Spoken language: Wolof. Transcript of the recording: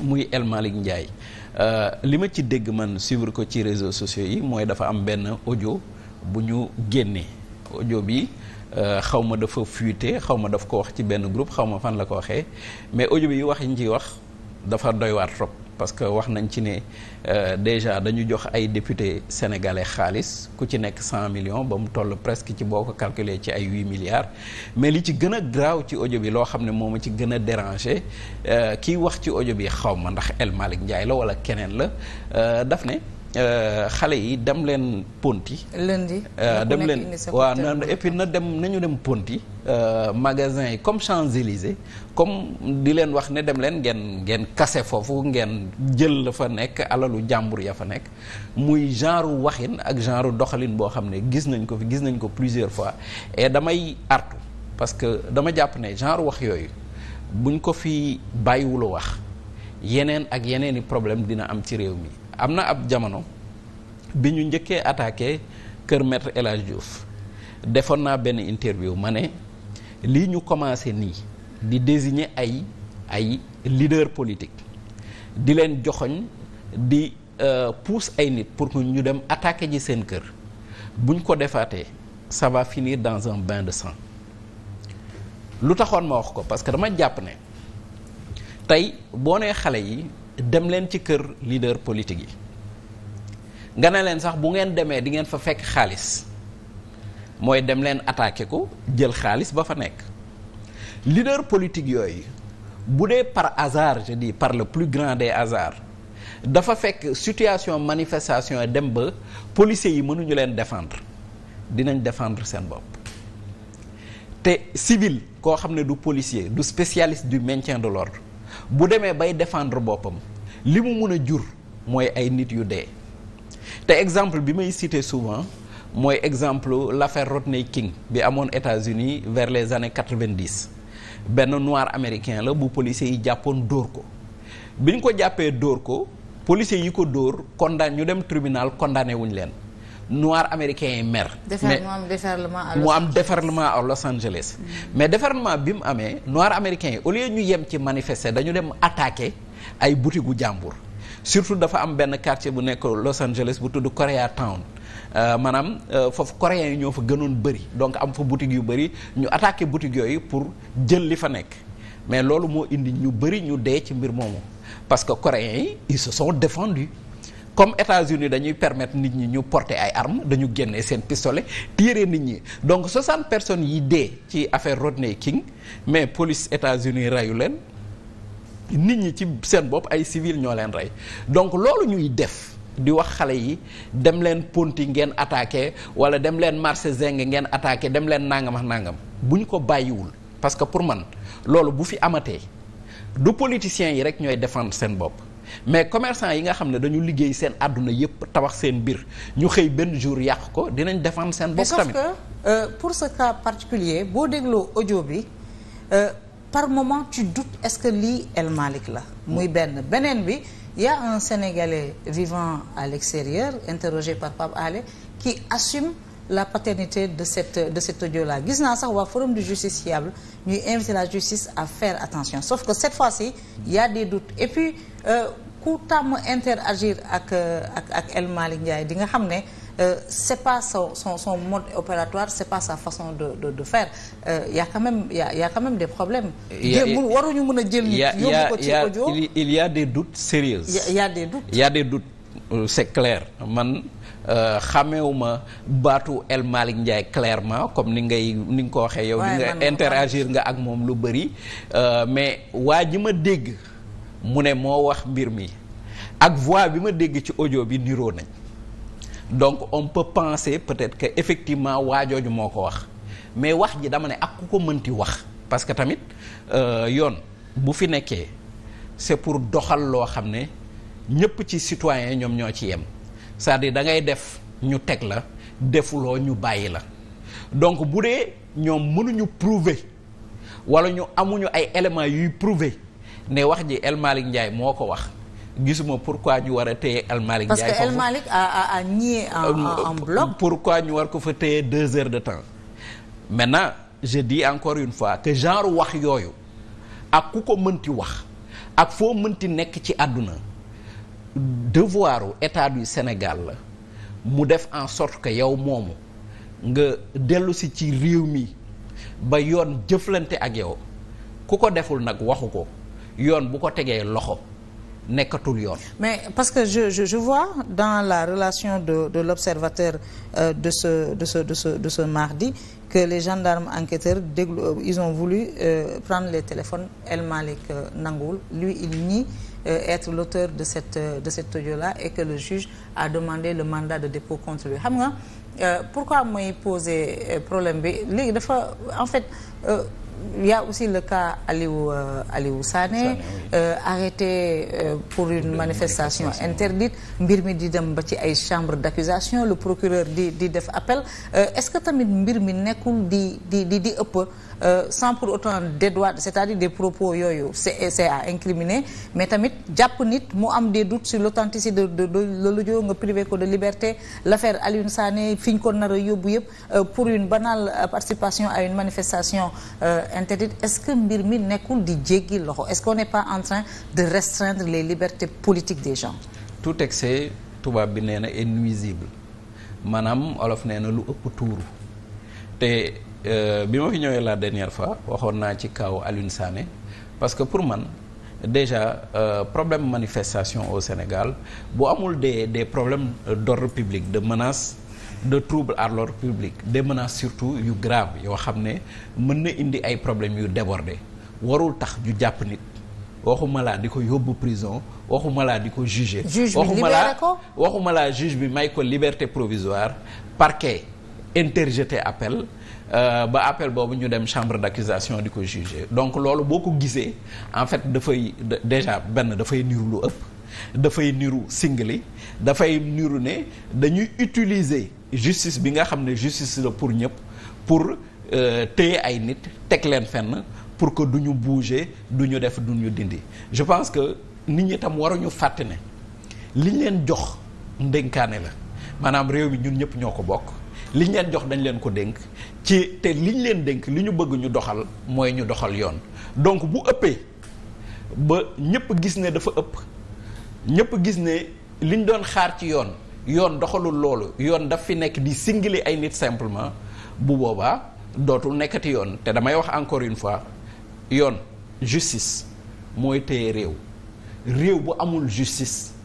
muy El Malick Ndiaye euh, li ma ci dégg man suivre ko ci réseau sociaux yi mooy dafa am benn ojo bu ñu génnee ojo bi euh, xaw ma dafa fuité xaw ma daf ko wax ci benn groupe xaw ma fan la ko waxee mais ojo bi wax yi ñu wax dafa doywaat waar trop. parce que wax nañ ci ne euh, déjà dañu jox ay député sénégalais xaalis ku ci nekk cent millions ba mu toll presque ci boo ko calculer ci ay huit milliards mais li ci gën a graaw ci audio bi loo xam ne moom a ci gën a dérangé euh, kiy wax ci audio bi xaw ma ndax El Malick Ndiaye la wala keneen la euh, daf ne. Euh, xale yi dem leen ponti lundi euh, dem leen waaw na et puis na dem nañu dem ponti euh, magasin yi comme champs comme di leen wax ne dem leen ngeen ngeen kase foofu ngeen jël la fa nekk alalu jàmbur ya fa nekk muy genre waxin ak genre doxalin boo xam ne gis nañ ko fi gis nañ ko plusieurs fois et damay artu parce que dama jàpp ne genre wax yooyu buñ ko fi bàyyiwula wax yeneen ak yeneen i problème dina am ci réew mi am na ab jamono bi ñu njëkkee attaqué kër maître El Hadj Diouf defoon naa benn interview ma ne lii ñu commencé nii di désigner ay ay leader politique di leen joxoñ di euh, pousse ay nit pour que ñu dem attaqué ji seen kër buñ ko defaatee ça va finir dans un bain de sang lu taxoon ma wax ko parce que dama jàpp ne tey boo nee xale yi dem leen ci kër leader politique yi nga ne leen sax bu ngeen demee di ngeen fa fekk xaalis mooy dem leen attaqué ko jël xaalis ba fa nekk leader politique yooyu bu dee par hasard je dis par le plus grand des hasards dafa fekk situation manifestation dem ba policiers yi mënuñu leen défendre dinañ defendre seen bopp te civil koo xam ne du policier du spécialiste du maintien de l'ordre bu demee bay défendre boppam li mu mun a jur mooy ay nit yu dee te exemple bi may citer souvent mooy exemple l'affaire Rodney King bi amoon États-Unis vers les années quatre-vingt-dix benn noir américain la bu policiers yi jàppoon dóor ko biñ ko jàppee dóor ko policiers yi ko dóor condamné ñu dem tribunal condamné wuñ leen noir américain yi mer. mais mu am déferlement à mu am déferlement à Los Angeles. Mm. mais déferlement bi mu amee noir américain yi au lieu ñu yem ci manifester dañu dem attaquer ay boutique gu jàmbur. surtout dafa am benn quartier bu nekk Los Angeles bu tudd Korea Town euh, maanaam euh, foofu coréens yi ñoo fa gënoon bëri donc am fa boutique yu bëri ñu attaqué boutique yooyu pour jël li fa nekk mais loolu moo indi ñu bëri ñu dee ci mbir moomu parce que coréens yi ils se sont défendus. comme États-Unis dañuy permettre nit ñi ñu porter ay armes dañu génnee seen pistolet tiire nit ñi donc 60 personne yi dee ci affaire Rodney King mais police États-Unis reyu leen nit ñi ci seen bopp ay civil ñoo leen rey donc loolu ñuy def di wax xale yi dem leen ponti ngeen attaqué wala dem leen marché zeng ngeen attaqué dem leen nangam ak nangam bu ñu ko bàyyiwul parce que pour man loolu bu fi amatee du politiciens yi rek ñooy defendre seen bopp mais commerçant yi nga xam ne dañu liggéey seen àdduna yépp tabax seen mbir ñu xëy benn jour yàq ko dinañ défendre seen bopp tamit mais euh, pour ce cas particulier boo dégloo audio bi euh, par moment tu doutes est-ce que lii El la muy benn beneen bi y a un Sénégalais vivant à l'extérieur interrogé par Pape Alé qui assume la paternité de cette de cet audio là gis naa sax waa forum du justiciable ñuy inviter la justice à faire attention sauf que cette fois-ci il des doutes et puis euh, ku tàmm interagir ak euh, ak ak El Ndiaye di nga xam ne euh, c'est pas son son son mode opératoire c'est pas sa façon de de de faire y a y a des problèmes. waruñu mun a jël. yóbbu ko ci audio il y a des doutes sérieux. il a des doutes. il a des doutes c'est clair man. Euh, xàmmewuma baatu El Malick Ndiaye clairement comme ni ngay ni nga ko waxee yow. ni nga interagir nga ak moom lu bëri. Euh, mais waa ji ma dégg mu ne moo wax mbir mi ak voix bi ma dégg ci audio bi niroo nañ donc on peut penser peut-être que effectivement waa jooju moo ko wax mais wax ji dama ne ak ku ko mënti wax parce que tamit euh, yoon bu fi nekkee c'est pour doxal loo xam ne ñépp ci citoyen ñoom ñoo ci yem. c'est-à-dire da ngay def ñu teg la defuloo ñu bàyyi la donc bu dee ñoom mënuñu prouver wala ñu amuñu ay éléments yuy prouver ne wax ji El Malick Ndiaye moo ko wax gisuma pour quoi ñu war a téye El Malick Ndiaye parce que El Malick a a euh, ñu war ko fa téye deux heures de temps maintenant je di encore une fois que genre wax yooyu ak ku ko mënti wax ak foo mënti nekk ci àdduna devoiru état du Sénégal la mu def en sorte que yow moomu nga dellu si ci réew mi ba yoon jëflante ak yow ku ko deful nag waxu ko yoon bu ko tegee loxo nekkatul yoon. mais parce que je je je vois dans la relation de de l'observateur euh, de ce de ce de ce de ce mardi que les gendarmes enquêteurs déglu euh, ils ont voulu euh, prendre les téléphones El Malik euh, nanguwul lui il nie. Euh, être l'auteur de cette euh, de cet audio là et que le juge a demandé le mandat de dépôt contre lui xam nga euh, pourquoi mooy poser problème bi léegi dafa en fait. il a aussi le cas Aliou euh, Aliou Sané euh, arrêté euh, pour une manifestation interdite mbir mi di dem ba ci ay chambre d'accusation le procureur di di def appel est-ce que tamit mbir mi nekkul di di di di ëpp sans pour autant dédouaner c'est-à-dire des propos yooyu c'est c'est à incriminer mais tamit jàpp nit mu am des doutes sur l'authenticité de de de l'audio nga privé ko de liberté l'affaire Aliou Sané fi ñu ko nar yóbbu yëpp pour une banale participation à une manifestation interdite est-ce que mbir mi nekkul di jéggi loxo est-ce qu'on n'est pas en train de restreindre les libertés politiques des gens tout excès tubaab bi nee na est nuisible maanaam olof nee na lu ëpp tuuru te euh, bi ma fi ñëwee la dernière fois waxoon naa ci kaw Alioune parce que pour man déjà euh, problème manifestation au Sénégal bu amul de des problèmes d'ordre public de menace de troubles à l'ordre public des menaces surtout yu grave yoo xam ne mën na indi ay problème yu débordé warul tax ñu jàpp nit waxuma laa di ko yóbbu prison waxuma laa di ko juger waxuma ko waxuma laa juge bi may ko liberté provisoire parquet interjeté appel Euh, ba appel boobu ñu dem chambre d'accusation di ko juger donc loolu boo ko gisee en fait dafay déjà benn dafay niru lu ëpp dafay niru singli dafay niru ne dañuy utiliser justice bi nga xam ne justice la pour ñëpp pour euh, téye ay nit teg leen fenn pour que du ñu bouger du ñu def duñu dindi je pense que nit ñi tam waruñu fàtte ne liñ leen jox ndénkaane la maanaam réew mi ñun ñëpp ñoo ko bokk liñ leen jox dañ leen ko dénk ci te liñ leen dénk li ñu bëgg ñu doxal mooy ñu doxal yoon donc bu ëppee ba ñëpp gis ne dafa ëpp ñëpp gis ne liñ doon xaar ci yoon yoon doxalul loolu yoon daf fi nekk di singili ay nit simplement bu boobaa dootul nekkati yoon te damay wax encore une fois yoon justice mooy téye réew réew bu amul justice